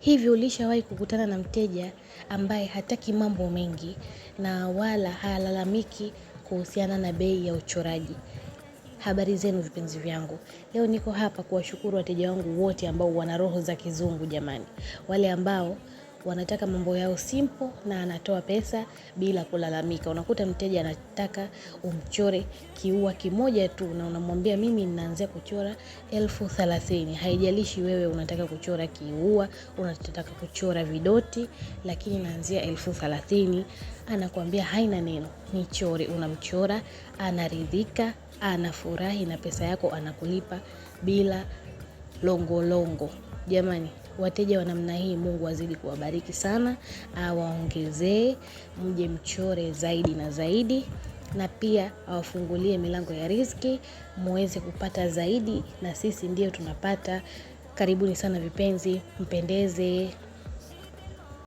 Hivyo ulishawahi kukutana na mteja ambaye hataki mambo mengi na wala halalamiki kuhusiana na bei ya uchoraji. Habari zenu vipenzi vyangu. Leo niko hapa kuwashukuru wateja wangu wote ambao wana roho za kizungu jamani. Wale ambao wanataka mambo yao simple na anatoa pesa bila kulalamika. Unakuta mteja anataka umchore kiua kimoja tu, na unamwambia mimi ninaanzia kuchora elfu thelathini. Haijalishi wewe unataka kuchora kiua, unataka kuchora vidoti, lakini naanzia elfu thelathini. Anakuambia haina neno, nichore. Unamchora, anaridhika, anafurahi na pesa yako anakulipa bila longolongo longo. Jamani, wateja wa namna hii, Mungu azidi kuwabariki sana, awaongezee, mje mchore zaidi na zaidi na pia awafungulie milango ya riziki muweze kupata zaidi, na sisi ndio tunapata. Karibuni sana vipenzi, mpendeze.